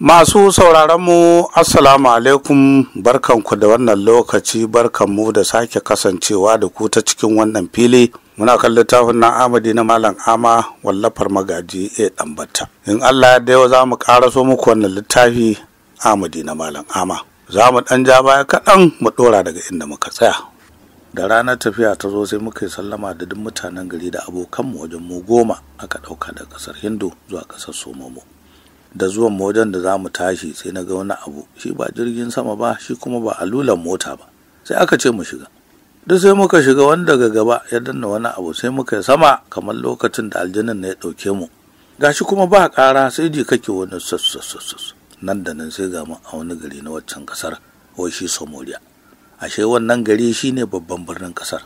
Masu mu Assalamu alaikum barkanku da wannan lokaci barkanmu da sake kasancewa da ku ta cikin wannan fili muna kan littafin na Amadi na Malam Ama wallafar magaji a ɗambata. In Allah da yau za mu ƙaraso muku wannan littafi Amadi na Malam Ama. Za mu ɗan ja baya kaɗan mu ɗora daga inda muka tsaya. Da ranar tafiya ta zo sai muka yi sallama da duk mutanen gari da abokanmu wajen mu goma aka ɗauka da ƙasar Hindu zuwa ƙasar Somomo. da zuwan modan da za mu tashi sai na ga wani abu shi ba jirgin sama ba shi kuma ba alulan mota ba sai aka ce mu shiga duk sai muka shiga wani daga gaba ya danna wani abu sai muka yi sama kamar lokacin da aljanin na ya ɗauke mu gashi kuma ba ƙara sai ji kake wani sassassassass nan da nan sai ga mu a wani gari na waccan ƙasar wai shi Somalia. ashe wannan gari shi ne babban birnin ƙasar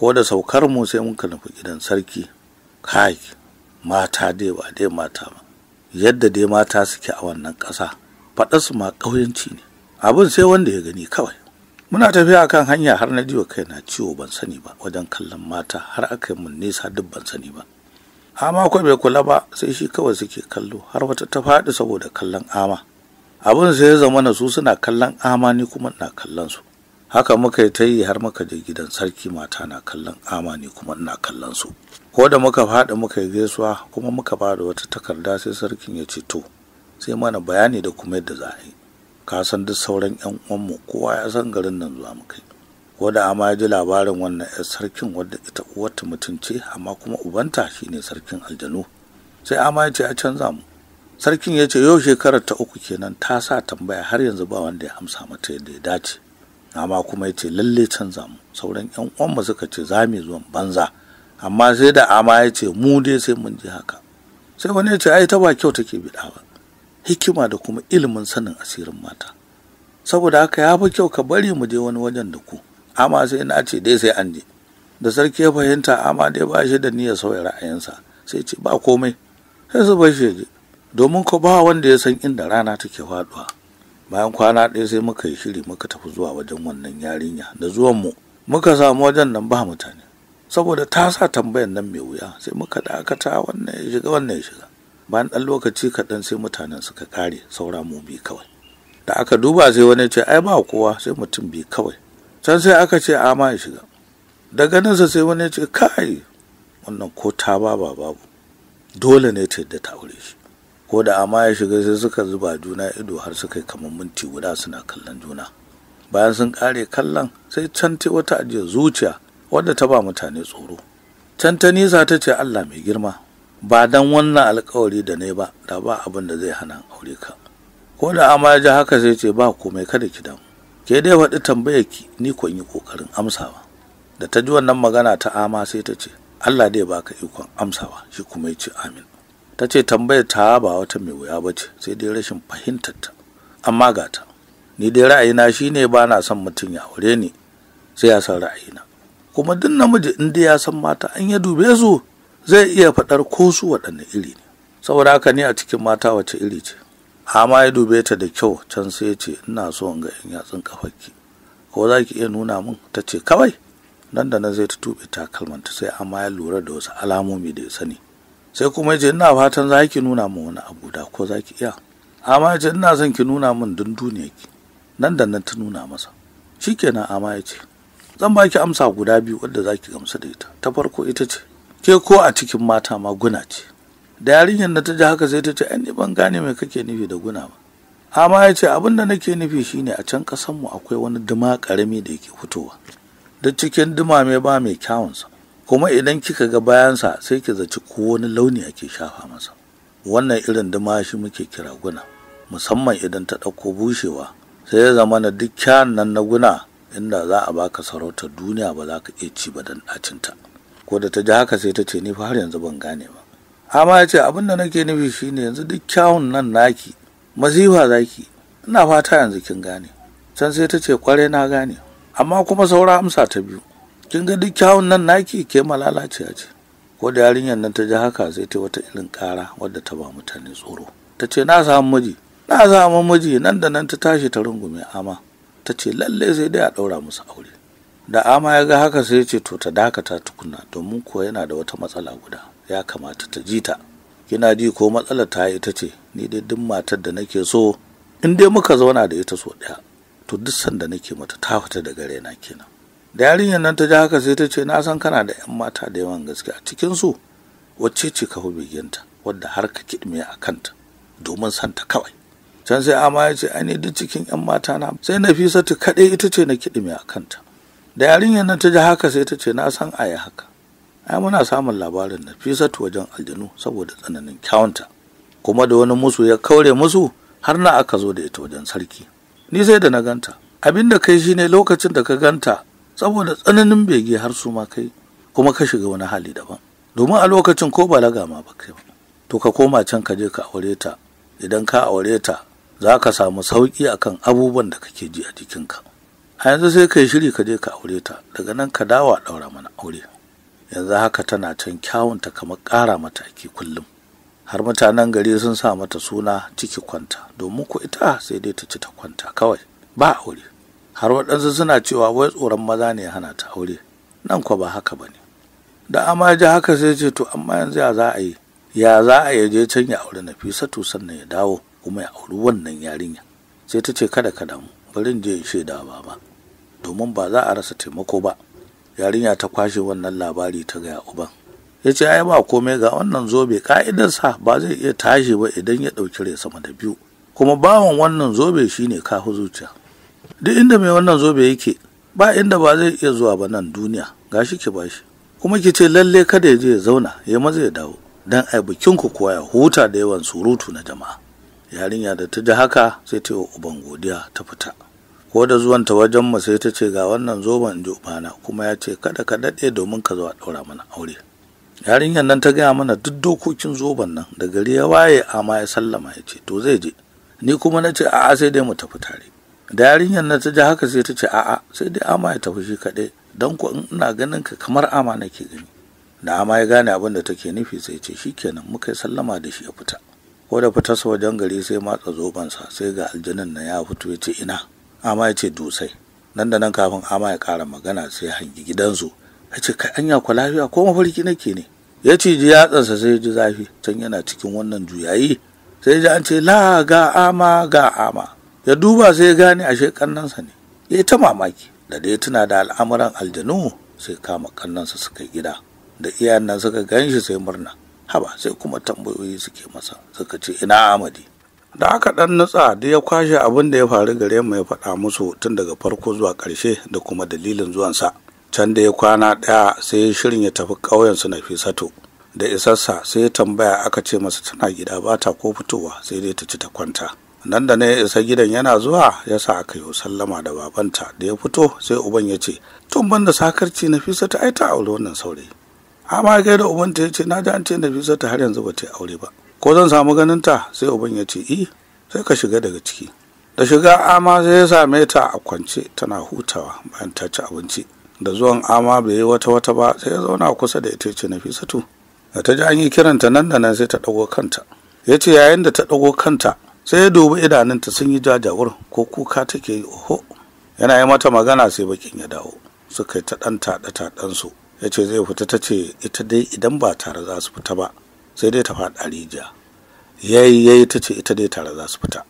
ko da saukar mu sai muka nufi gidan sarki kai mata dai ba dai mata ba yadda dai mata suke a wannan ƙasa faɗarsu ma ƙauyanci ne abin sai wanda ya gani kawai muna tafiya a kan hanya har na wa kai na ciwo ban sani ba wajen kallon mata har aka yi mun nesa duk ban sani ba ama ko bai kula ba sai shi kawai suke kallo har wata ta faɗi saboda kallon ama abin sai ya zama na su suna kallon ama ni kuma ina kallon su haka muka yi ta yi har muka je gidan sarki mata na kallon ama ni kuma ina kallon su ko da muka fada muka yi gaisuwa kuma muka ba da wata takarda sai sarkin ya ce to sai mana bayani da kuma yadda za a yi ka san duk sauran yan uwanmu kowa ya san garin nan zuwa mu kai ko da amma ya ji labarin wannan yar sarkin wadda ita uwarta mutum ce amma kuma ubanta shine sarkin aljanu sai amma ya ce a canza mu sarkin ya ce yau shekarar ta uku kenan ta sa tambaya har yanzu ba wanda ya amsa mata yadda ya dace amma kuma ya ce lalle canza mu sauran yan uwanmu suka ce za mu zuwan banza amma sai da Amma ya ce mu dai sai mun ji haka sai wani ya ce ai ta ba kyau take biɗa ba hikima da kuma ilimin sanin asirin mata saboda haka ya fi kyau ka bari mu je wani wajen da ku amma sai na ce dai sai an je da sarki ya fahimta amma dai ba shi da niyyar sauya ra'ayinsa sai ce ba komai sai su bar shi je domin ko ba wanda ya san inda rana take faduwa bayan kwana ɗaya sai muka yi shiri muka tafi zuwa wajen wannan yarinya da zuwan mu muka samu wajen nan ba mutane saboda ta sa tambayan nan mai wuya sai muka dakata wannan ya shiga wannan ya shiga bayan ɗan lokaci kaɗan sai mutanen suka kare saura mu bi kawai da aka duba sai wani ce ai ba kowa sai mutum bi kawai can sai aka ce a ma ya shiga daga nasa sai wani ce kai wannan ko ta ba ba babu dole ne ta yadda ta aure shi ko da ama ya shiga sai suka zuba juna ido har suka yi kamar minti guda suna kallon juna bayan sun kare kallon sai can ce wata ajiyar zuciya wadda ta ba mutane tsoro can ta ce allah mai girma ba don wannan alkawari da ne ba da ba abin da zai hana aure ka ko da amma ji haka sai ce ba komai kada ki damu ke dai faɗi tambayar ki ni kun yi kokarin amsawa da ta ji wannan magana ta ama sai ta ce Allah dai baka ikon amsawa shi kuma ya ce amin ta ce tambayar ta ba wata mai wuya ba ce sai dai rashin fahimtarta amma gata ni dai ra'ayina shine ba na son mutum ya aure ni sai ya san ra'ayina kuma duk namiji in ya san mata an ya dube su zai iya faɗar ko su waɗanne iri ne saboda haka ne a cikin mata wace iri ce amma ya dube ta da kyau can sai ya ce ina so in ga in yatsun kafarki ko za ki iya nuna min ta ce kawai nan da nan zai ta tuɓe takalmanta sai amma ya lura da wasu alamomi da ya sani sai kuma ya ce ina fatan za ki nuna min wani abu da ko za ki iya amma ya ce ina son ki nuna min dunduniyarki nan da nan ta nuna masa shikenan amma ya ce zan ba ki amsa guda biyu wadda za ki gamsu da ita ta farko ita ce ke ko a cikin mata ma guna ce da yarinyar na ta ji haka sai ta ce ni ban gane mai kake nufi da guna ba amma ya ce abin da nake nufi shine a can mu akwai wani duma ƙarami da yake fitowa da cikin duma mai ba mai kyawunsa kuma idan kika ga bayansa sai ki zaci ko wani launi ake shafa masa wannan irin duma shi muke kira guna musamman idan ta ɗauko bushewa sai ya zama na duk kyan nan na guna inda za a baka sarautar duniya ba za ka iya ci ba dan ɗacinta ko da ta ji haka sai ta ce ni fa har yanzu ban gane ba amma ya ce abin da nake nufi shine yanzu duk kyawun nan naki masifa zaki ina fata yanzu kin gane can sai ta ce kwarai na gane amma kuma saura amsa ta biyu kin ga duk kyawun nan naki ke malalaciya ce ko da yarinyar nan ta ji haka sai ta wata irin ƙara wadda ta ba mutane tsoro ta ce na samu miji na samu miji nan da nan ta tashi ta rungume ama ta ce lalle sai dai a ɗaura musu aure da ama ya ga haka sai ya ce to ta dakata tukunna domin kuwa yana da wata matsala guda ya kamata ta ji ta kina ji ko matsalar ta ita ce ni dai duk matar da nake so in dai muka zauna da ita so ɗaya to duk sanda nake mata ta fita daga raina kenan da yarinyar nan ta ji haka sai ta ce na san kana da yan mata da yawan gaske a cikin su wacce ce ka fi wadda har ka kiɗme a kanta domin santa kawai can sai ama ya ce ainihin duk cikin yan mata na sai nafisatu kaɗai ita ce na kiɗi mai a kanta da yarinyar nan ta ji haka sai ta ce na san a yi haka ai muna samun labarin nafisatu wajen aljanu saboda tsananin kyawunta kuma da wani musu ya kaure musu har na aka zo da ita wajen sarki ni sai da na ganta abin da kai shine lokacin da ka ganta saboda tsananin bege har su ma kai kuma ka shiga wani hali daban domin a lokacin ko balaga ma ba kai ba to ka koma can ka je ka aure ta idan ka aure ta za ka samu sauƙi kan abubuwan da kake ji a jikinka a yanzu sai ka yi shiri ka je ka aure ta daga nan ka dawa a ɗaura mana aure yanzu haka tana can kyawunta kamar ƙara mataki kullum har mutanen gari sun sa mata suna ciki kwanta domin ku ita sai dai ta ci ta kwanta kawai ba aure har waɗansu suna cewa wai tsoron maza ne hana ta aure nan kwa ba haka ba ne da amma ji haka sai ce to amma yanzu ya za a yi ya za a je can ya aure na fi sannan ya dawo kuma ya auri wannan yarinya sai ta ce kada ka damu bari in je in shaida baba domin ba za a rasa taimako ba yarinya ta kwashe wannan labari ta gaya uban ya ce ai ba komai ga wannan zobe ka'idarsa ba zai iya tashi ba idan ya ɗauki rai sama da biyu kuma bawan wannan zobe shine kafi zuciya duk inda mai wannan zobe yake ba inda ba zai iya zuwa ba nan duniya gashi ki bashi kuma ki ce lalle kada ya je ya zauna ya maza ya dawo dan ai bikinku ku kuwa ya huta da yawan surutu na jama'a yarinya da ta ji haka sai ta yi uban godiya ta fita ko da zuwan ta wajen mu sai ta ce ga wannan zoben ji ubana kuma ya ce kada ka daɗe domin ka zo a ɗaura mana aure yarinyar nan ta gaya mana duk dokokin zoben nan da gari ya waye amma ya sallama ya ce to zai je ni kuma na ce a'a sai dai mu tafi tare da yarinyar nan ta ji haka sai ta ce a'a sai dai ama ya tafi shi kaɗai don ko in ina ganin ka kamar ama nake gani da ama ya gane abin da take nufi sai ce shikenan muka yi sallama da shi ya fita ko da fitarsa wajen gari sai matsa zobansa, sai ga aljanin na ya fito ya ce ina ama ya ce dusai nan da nan kafin ama ya ƙara magana sai hangi gidansu ya ce kai anya ku lafiya ko mafarki nake ne ya ce ji yatsansa sai ji zafi can yana cikin wannan juyayi sai ji an ce la ga ama ga ama ya duba sai ya gane ashe kannansa ne ya ta mamaki da dai tuna da al'amuran aljanu sai kama kannansa suka gida da iyayen nan suka gan shi sai murna haba sai kuma tambayoyi suke masa suka ce ina amadi da aka dan nutsa da ya kwashe abin da ya faru gare mu ya faɗa musu tun daga farko zuwa ƙarshe da kuma dalilin zuwansa can da ya kwana ɗaya sai ya shirin ya tafi ƙauyensu na fisato da isassa sai ya tambaya aka ce masa tana gida ba ta ko fitowa sai dai ta ci ta kwanta nan da na ya isa gidan yana zuwa ya sa aka yi sallama da babanta da ya fito sai uban ya ce tun ban da sakarci na ai ta aure wannan saurayi amma kai da ubanta ya ce na ji an ce nafisa ta har yanzu ba ta aure ba ko zan samu ganin ta sai uban ya ce i eh, sai ka shiga daga ciki da shiga ama sai ya same ta a kwance tana hutawa bayan ta ci abinci da zuwan ama bai yi wata wata ba sai ya zauna kusa da ita ce nafisatu da ta ji an yi kiranta nan da nan sai ta ɗago kanta ya ce yayin da ta ɗago kanta sai ya dubi idanunta sun yi jajawur ko kuka take yi oho yana yi mata magana sai bakin ya dawo suka yi ta ɗan taɗe taɗansu ya ce zai fita ta ce ita dai idan ba tare za su fita ba sai dai ta a rijiya ya yi ta ce ita dai tare za su fita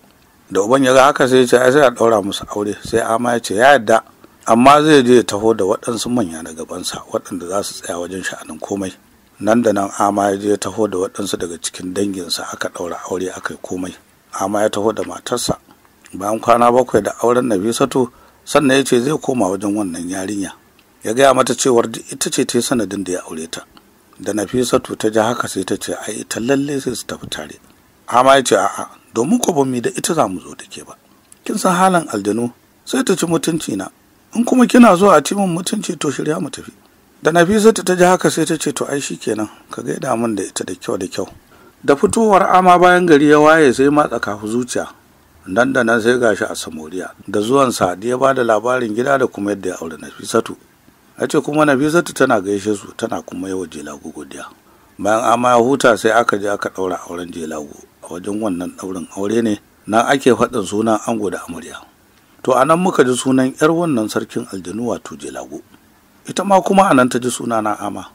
da uban ya ga haka sai ya ce ai sai a ɗaura musu aure sai ama ya ce ya yadda amma zai je ya taho da waɗansu manya na gabansa waɗanda za su tsaya wajen sha'anin komai nan da nan ama ya je taho da waɗansu daga cikin danginsa aka ɗaura aure aka yi komai ama ya taho da matarsa bayan kwana bakwai da auren nafisatu sannan ya ce zai koma wajen wannan yarinya ya gaya mata cewar ita ce ta yi sanadin da ya aure ta da nafisatu ta ji haka sai ta ce a ita lalle sai su tafi tare amma ya ce a'a domin ko bamu da ita za mu zo da ke ba kin san halin aljanu sai ta ci mutunci na in kuma kina zuwa a cimin mutunci to shirya mu tafi da nafisatu ta ji haka sai ta ce to ai kenan. ka gaida min da ita da kyau da kyau da fitowar ama bayan gari ya waye sai matsa kafu zuciya nan da nan sai gashi a samoriya da zuwan sa ya ba da labarin gida da kuma yadda ya aure nafisatu Ace ce kuma nafisatu tana gaishe su tana kuma yawa jelago godiya bayan Amma ya huta sai aka je aka ɗaura auren jelago a wajen wannan ɗaurin aure ne nan ake faɗin sunan ango da amarya to a nan muka ji sunan yar wannan sarkin aljanu wato jelago ita ma kuma a nan ta ji suna na ama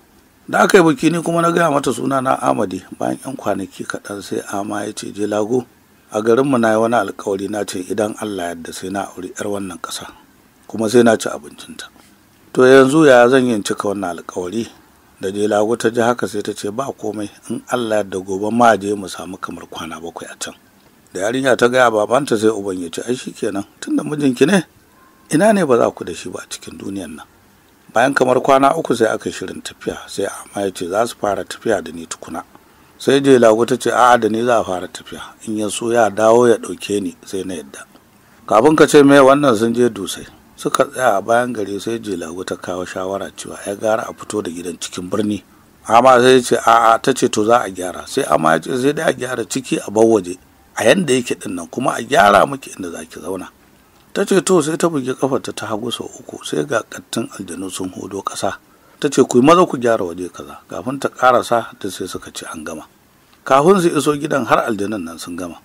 da aka yi biki ni kuma na gaya mata suna na amadi bayan yan kwanaki kaɗan sai ama ya ce jelago a garinmu na yi wani alkawari na ce idan allah yadda sai na auri yar wannan ƙasa kuma sai na ci abincinta to yanzu ya zan yin cika wannan alkawari da je lagu ta ji haka sai ta ce ba komai in allah da gobe ma je mu samu kamar kwana bakwai a can da yarinya ta gaya babanta sai uban ya ce ai shi kenan, tunda mijinki ne ina ne ba za ku da shi ba a cikin duniyan nan bayan kamar kwana uku sai aka shirin tafiya sai amma ya ce za su fara tafiya da ni tukuna sai je lagu ta ce a'a da ni za a fara tafiya in ya so ya dawo ya ɗauke ni sai na yadda kafin ka ce me wannan sun je dusai suka tsaya a bayan gari sai jelagu ta kawo shawara cewa ya gara a fito da gidan cikin birni amma sai ce a'a ta ce to za a gyara sai amma ya ce sai dai a gyara ciki a bar waje a yanda yake din nan kuma a gyara miki inda zaki zauna ta ce to sai ta bugi kafarta ta hagu sau uku sai ga kattun aljanu sun hodo ƙasa ta ce ku maza ku gyara waje kaza kafin ta karasa ta sai suka ce an gama kafin su iso gidan har aljanun nan sun gama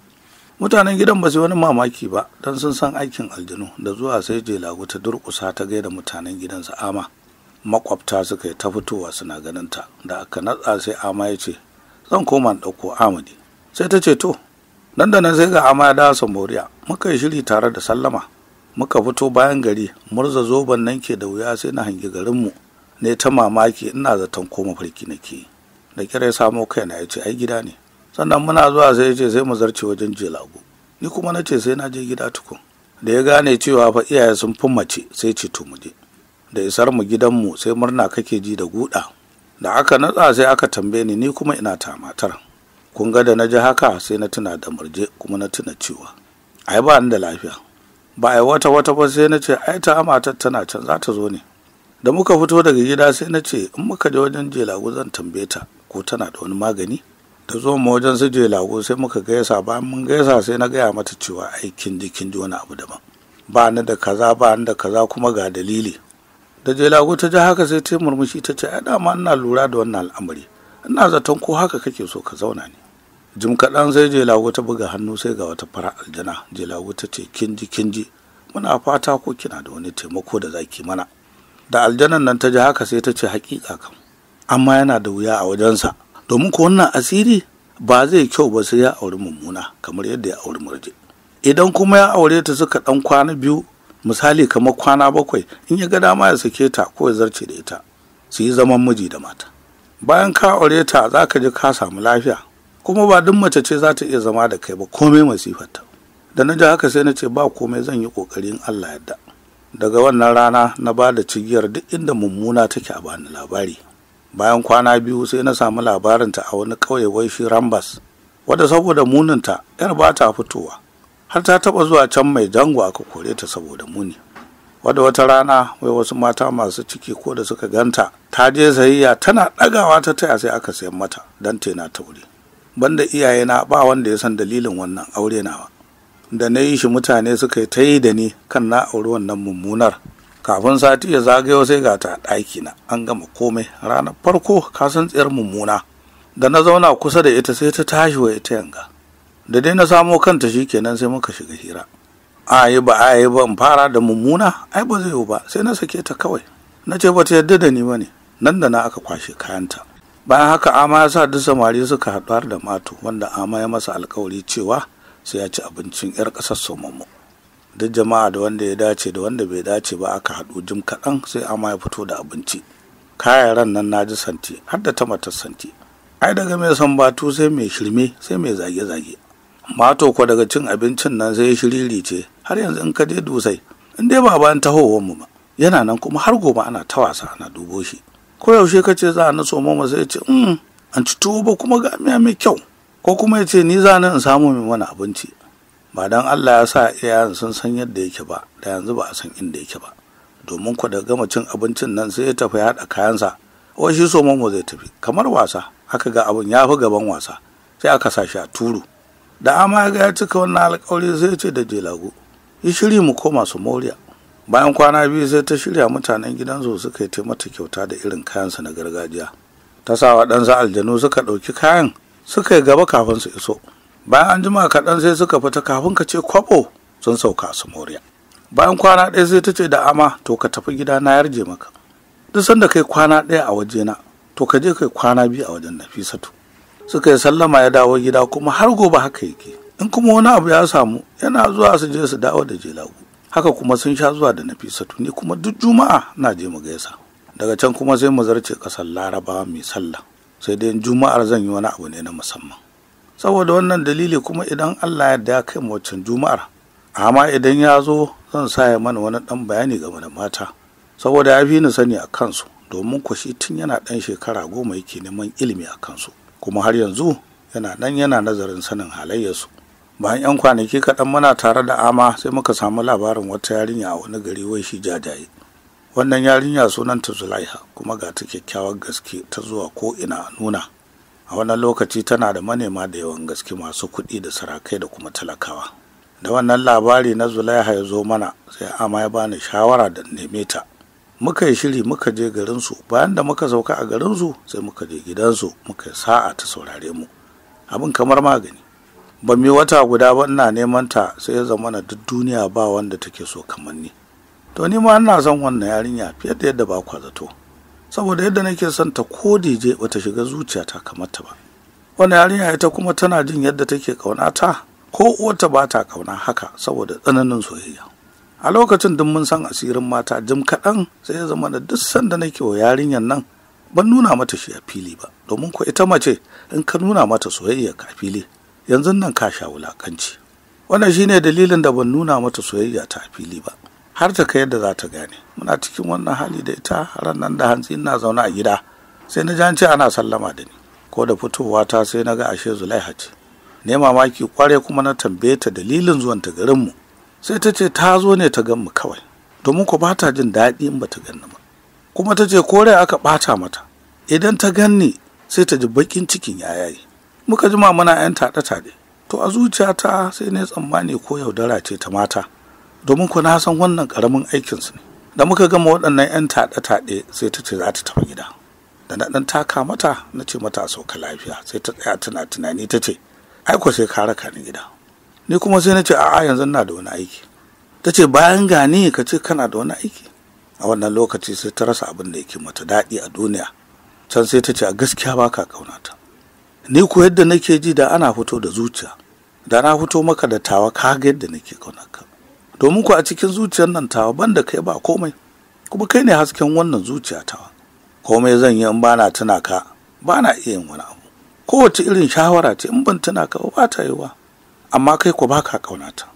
mutanen gidan ba su wani mamaki ba don sun san aikin aljanu da zuwa sai jelagu ta durkusa ta gaida mutanen gidansa ama makwabta suka yi ta fitowa suna ganin ta da aka natsa sai ama ya ce zan koma ɗauko amadi sai ta ce to nan da nan sai ga ama ya dawo samboriya muka yi shiri tare da sallama muka fito bayan gari murza zoben nan ke da wuya sai na hangi garinmu ne ta mamaki ina zaton koma farki nake da kira ya samo kaina ya ce ai gida ne sannan muna zuwa sai ce sai mu zarce wajen jelago ni kuma na ce sai na je gida tukun da ya gane cewa fa iyaye sun fi mace sai ce to mu je da isar mu gidanmu sai murna kake ji da guda da aka natsa sai aka tambaye ni ni kuma ina ta matar kun ga da na ji haka sai na tuna da murje kuma na tuna cewa ai ba ni da lafiya ba ai wata wata ba sai na ce ai ta matar tana can za ta zo ne da muka fito daga gida sai na ce in muka je wajen jelagu zan tambaye ta ko tana da wani magani da zo mu wajen su je lago sai muka gaisa ba mun gaisa sai na gaya mata cewa aikin jikin ji wani abu daban ba ni da kaza ba ni da kaza kuma ga dalili da je jelago ta ji haka sai ta murmushi ta ce ai dama ina lura da wannan al'amari ina zaton ko haka kake so ka zauna ne jim kaɗan sai jelago ta buga hannu sai ga wata fara aljana jelago ta ce kinji kinji muna fata ko kina da wani taimako da zaki mana da aljanan nan ta ji haka sai ta ce hakika kam amma yana da wuya a wajensa domin ko wannan asiri ba zai kyau ba sai ya auri mummuna kamar yadda ya auri murje idan kuma ya aure ta suka dan kwana biyu misali kamar kwana bakwai in ya ga dama ya sake ta ko ya zarce da ita su yi zaman miji da mata bayan ka aure ta za ka ji ka samu lafiya kuma ba duk mace ce za ta iya zama da kai ba komai masifarta da na ji haka sai na ce ba komai zan yi ƙoƙarin allah yadda daga wannan rana na ba da cigiyar duk inda mummuna take a bani labari bayan kwana biyu sai na samu labarinta a wani ƙauye waifi, shi rambas wadda saboda muninta yar ba ta fitowa har ta taɓa zuwa can mai jango aka kore ta saboda muni wadda wata rana wai wasu mata masu ciki ko da suka ganta ta je sayayya tana ɗagawa ta taya sai aka sayan mata don tena tauri banda iyaye na ba wanda ya san dalilin wannan aure nawa da na yi shi mutane suka yi ta yi da ni kan na auri wannan mummunar kafin sati ya zagayo sai ga ta ɗaki na an gama komai ranar farko kasan tsayar mummuna da na zauna kusa da ita sai ta tashi wa ita yanga da dai na samo kanta shi kenan sai muka shiga hira a yi ba a yi ba fara da mummuna ai ba zai yi ba sai na sake ta kawai na ce ba ta yadda da ni ba ne nan da na aka kwashe kayanta bayan haka ama ya sa duk samari suka haɗuwar da mato wanda ama ya masa alkawari cewa sai ya ci abincin 'yar ƙasar somomo duk jama'a da wanda ya dace da wanda bai dace ba aka haɗu jim kaɗan sai ama ya fito da abinci kayan ran nan na ji santi har da ta matar santi ai daga mai batu sai mai shirme sai mai zage-zage mato ko daga cin abincin nan sai shiriri ce har yanzu in ka je dusai in dai ba an tahowar mu ba yana nan kuma har gobe ana ta wasa ana dubo shi ko yaushe ka ce za a naso mama sai ce mm, an ci tuwo ba kuma ga miya mai kyau ko kuma ya ce ni za in samu min wani abinci ba don Allah ya sa iyayen sun san yadda yake ba da yanzu ba a san inda yake ba domin ku da gama cin abincin nan sai ya tafi ya haɗa kayansa wai shi so mu zai tafi kamar wasa haka ga abin ya fi gaban wasa sai aka sa shi a turu da ama ga ya cika wannan alkawari sai ya ce da jelago yi shiri mu koma su moriya bayan kwana biyu sai ta shirya mutanen gidansu suka yi mata kyauta da irin kayansa na gargajiya ta sa waɗansu aljanu suka ɗauki kayan suka yi gaba kafin su iso bayan an jima kaɗan sai suka fita kafin ka ce kwabo sun sauka su moriya bayan kwana ɗaya sai ta ce da ama to ka tafi gida na yarje maka duk sanda kai kwana ɗaya a waje na to ka je kai kwana biyu a wajen nafisatu suka yi sallama ya dawo gida kuma har gobe haka yake in kuma wani abu ya samu yana zuwa su je su dawo da jelagu haka kuma sun sha zuwa da nafisatu ni kuma duk juma'a na je mu gaisa daga can kuma sai mu zarce kasar larabawa mai sallah sai dai juma'ar zan yi wani abu ne na musamman saboda wannan dalili kuma idan allah ya da kai waccan juma'ar amma idan ya zo zan sa ya mana wani ɗan bayani game da mata saboda ya fi ni sani a kansu domin ku shi tun yana ɗan shekara goma yake neman ilimi a kansu kuma har yanzu yana nan yana nazarin sanin halayyarsu bayan 'yan kwanaki kaɗan muna tare da ama sai muka samu labarin wata yarinya a wani gari wai shi jajaye wannan yarinya sunanta zulaiha kuma ga ta kyakkyawar gaske ta zuwa ko ina nuna a wannan lokaci tana da manema da yawan gaske masu kuɗi da sarakai da kuma talakawa da wannan labari na zulaiha ya zo mana sai ama ya bani shawara da neme ta muka yi shiri muka je garinsu bayan da muka sauka a garinsu sai muka je gidansu muka yi sa'a ta saurare mu abin kamar magani ba mu wata guda ba ina neman ta sai ya zama na duk duniya ba wanda take so kamar ni to ni ma ina son wannan yarinya fiye da yadda ba kwa zato saboda yadda nake son ta ko je bata shiga zuciyata kamar ta ba wani yarinya ita kuma tana jin yadda take ta? ko uwarta ba ta ƙauna haka saboda tsananin soyayya a lokacin duk mun san asirin mata jim kaɗan sai ya zama da duk sanda nake wa yarinyar nan ban nuna mata shi a fili ba domin ko ita mace in ka nuna mata soyayya ka fili yanzu nan ka sha wulakanci wannan shine dalilin da ban nuna mata soyayya ta a fili ba har ta kai yadda za ta gane muna cikin wannan hali da ita ran nan da hantsi ina zaune a gida sai na ji ce ana sallama da ni ko da fitowa ta sai na ga ashe zulaiha ce ne mamaki kware kuma na tambaye ta dalilin zuwan ta garin mu sai ta ce ta zo ne ta gan mu kawai domin ko ba ta jin daɗi in ba ta ganni ba kuma ta ce kore aka ɓata mata idan ta ganni sai ta ji baƙin cikin yayaye muka jima muna yan taɗe-taɗe to a zuciyata sai ne tsammani ko yaudara ce ta mata domin ku na san wannan karamin aikinsu ne da muka gama waɗannan 'yan taɗe-taɗe sai ta ce za ta tafi gida da na ɗan taka mata na ce mata sauka lafiya sai ta tsaya tana tunani ta ce aiko sai ka raka ni gida ni kuma sai na ce a'a yanzu na da wani aiki ta ce bayan gani ka ce kana da wani aiki a wannan lokaci sai ta rasa abin da yake mata daɗi a duniya can sai ta ce a gaskiya ba ka ta. ni ko yadda nake ji da ana fito da zuciya da na fito maka da tawa ka ga yadda nake ka domin ku a cikin zuciyar nan tawa ban da kai ba komai kuma kai ne hasken wannan zuciya tawa komai zan yi in ba na tuna ka ba iya yin wani abu kowace irin shawara ce in ban tuna ka ba ta yiwa amma kai ku baka ka ƙaunata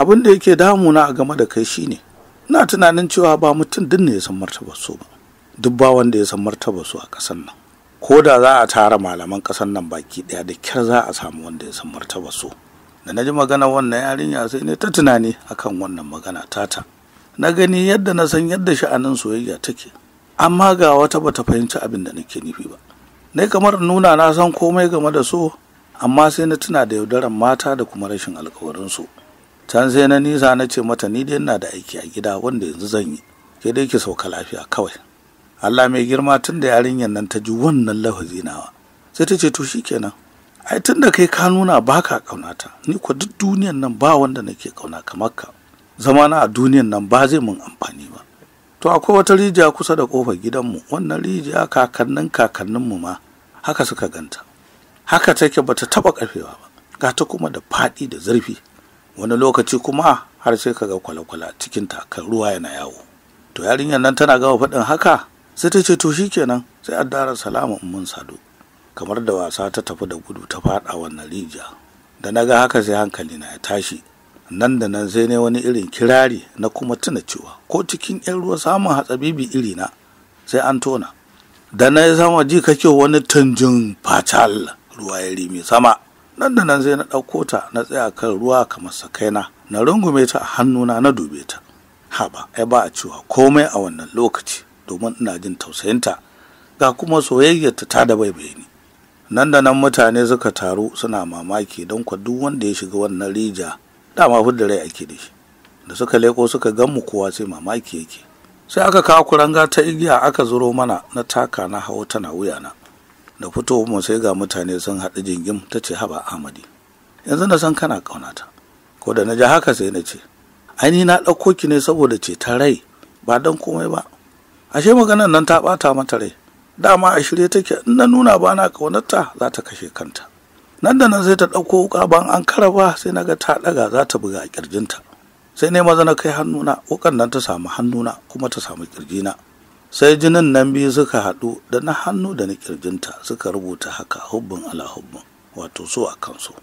abin da yake damuna a game da kai shine ina tunanin cewa ba mutum din ne ya san martabar su ba duk ba wanda ya san martabar su a ƙasar nan ko da za a tara malaman ƙasar nan baki ɗaya da kyar za a samu wanda ya san martabar su da na ji magana wannan yarinya sai ne ta tunani akan wannan magana tata na gani yadda na san yadda sha'anin soyayya take amma ga wata bata fahimci abin da nake nufi ba ne kamar nuna na san komai game da so amma sai na tuna da yaudaran mata da kuma rashin alkawarin su can sai na nisa na ce mata ni dai ina da aiki a gida wanda yanzu zan yi ke dai ki sauka lafiya kawai Allah mai girma tun da yarinyar nan ta ji wannan lafazi nawa sai ta ce to shikenan ai tun da kai ka nuna ba ka ƙaunata ni ko duk duniyan nan ba wanda nake ƙauna kamar ka zamana a duniyan nan ba zai mun amfani ba to akwai wata rijiya kusa da ƙofar gidanmu wannan rijiya kakannin kakanninmu ma haka suka ganta haka take bata taɓa ƙarfewa ba ga ta kuma da faɗi da zurfi wani lokaci kuma har sai ka ga kwale cikin kan ruwa yana yawo to yarinyar nan tana gama faɗin haka sai ta ce to shikenan sai a dara salama in mun sadu kamar da wasa ta tafi da gudu ta faɗa wannan rijiya da na ga haka sai hankali na ya tashi nan da nan sai ne wani irin kirari na kuma tuna cewa ko cikin 'yan ruwa samun hatsabibi iri na sai an tona da na yi sama ji kake wani tanjin fatal ruwa ya rimi sama nan da nan sai na ɗauko ta na tsaya kan ruwa kamar sakaina na rungume ta a hannuna na dube ta haba ya ba a cewa komai a wannan lokaci domin ina jin tausayinta ga kuma soyayyarta ta da bai bayani nan da nan mutane suka taru suna mamaki don kwa duk wanda ya shiga wannan rija dama fidda rai ake da shi da suka leko suka gan mu kowa sai mamaki yake sai aka kawo kuranga ta igiya aka zuro mana na taka na hawo tana wuyana da fito mu sai ga mutane sun haɗu jingim ta ce haba amadi yanzu na san kana ƙaunata ko da na ji haka sai na ce aini na ɗauko ki ne saboda ce ta rai ba don komai ba ashe maganar nan ta ɓata mata rai dama a shirye take in na nuna ba na kaunarta za ta kashe kanta nan da nan sai ta ɗauko wuƙa ban an karaba sai naga ga ta ɗaga za ta buga a ƙirjinta sai ne maza na kai hannuna wuƙan nan ta samu hannuna kuma ta samu ƙirjina sai jinin nan biyu suka haɗu da na hannu da na ƙirjinta suka rubuta haka hubbin ala hubbin wato so a kan so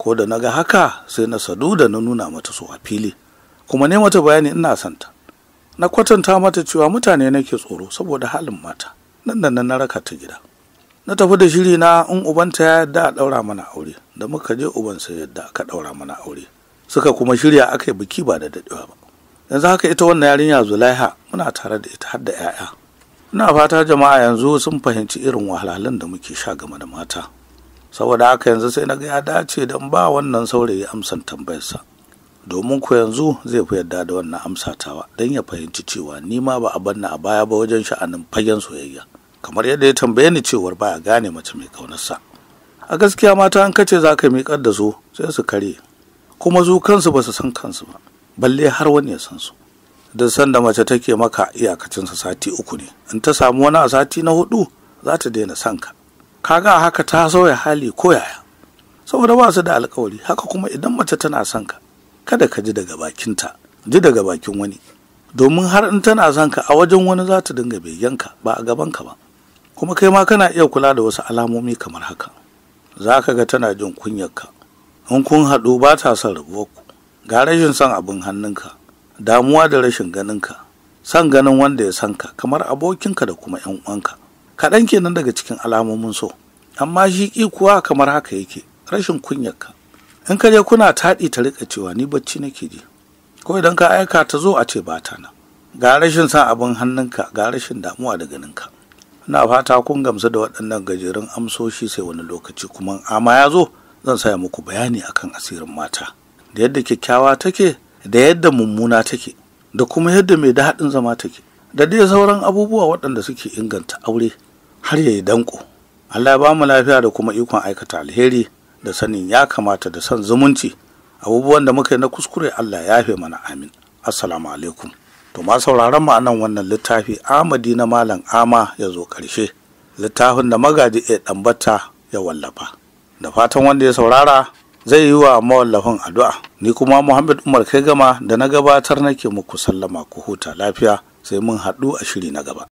ko da naga haka sai na sadu da na nuna mata so a fili kuma ne mata bayani ina santa na kwatanta mata cewa mutane nake tsoro saboda halin mata nan da nan na raka ta gida na tafi da shiri na in ubanta ya yadda a ɗaura mana aure da muka je uban sai yadda aka ɗaura mana aure suka kuma shirya aka yi biki ba da daɗewa ba yanzu haka ita wannan yarinya zulaiha muna tare da ita har da 'ya'ya ina fata jama'a yanzu sun fahimci irin wahalhalun da muke sha game da mata saboda haka yanzu sai na ga ya dace don ba wannan saurayi amsan tambayarsa domin ku yanzu zai fi yarda da wannan amsatawa don ya fahimci cewa ni ma ba a banna a baya ba wajen sha'anin fagen soyayya kamar yadda ya tambaye ni cewar baya gane mace mai kaunarsa a gaskiya mata an kace za ka miƙar da su sai su kare kuma su kansu ba su san kansu ba balle har wani ya san su duk sanda mace take maka iyakacinsa sati uku ne in ta samu wani a sati na hudu za ta daina sanka. ka kaga haka ta sauya hali ko yaya saboda ba su da alkawari haka kuma idan mace tana son ka kada ka ji daga bakinta ji daga bakin wani domin har in tana son ka a wajen wani za ta dinga begenka ba a gaban ka ba kuma kai ma kana iya kula da wasu alamomi kamar haka za ka ga tana jin kunyarka in kun haɗu ba ta son rabuwarku ga rashin son abin hannunka damuwa da rashin ganinka son ganin wanda ya san ka kamar abokinka da kuma yan uwanka kaɗan kenan daga cikin alamomin so amma shi kuwa kamar haka yake rashin kunyarka in ka je kuna taɗi ta riƙa cewa ni bacci nake ji ko idan ka aika ta zo a ce ba ta nan ga rashin san abin hannunka ga rashin damuwa da ganinka ina fata kun gamsu da waɗannan gajerun amsoshi sai wani lokaci kuma amma ya zo zan saya muku bayani akan asirin mata da yadda kyakkyawa take da yadda mummuna take da kuma yadda mai daɗin zama take da dai sauran abubuwa waɗanda suke inganta aure har ya yi danko Allah ya ba lafiya da kuma ikon aikata alheri da sanin ya kamata da son zumunci abubuwan da muka yi na kuskure Allah ya fi mana amin assalamu alaikum to ma sauraron ma anan wannan littafi amadi na malam ama ya zo ƙarshe littafin da magaji ya ɗambata ya wallafa da fatan wanda ya saurara zai yi wa mawallafin addu'a ni kuma muhammad umar kai gama da na gabatar nake muku sallama ku huta lafiya sai mun haɗu a shiri na gaba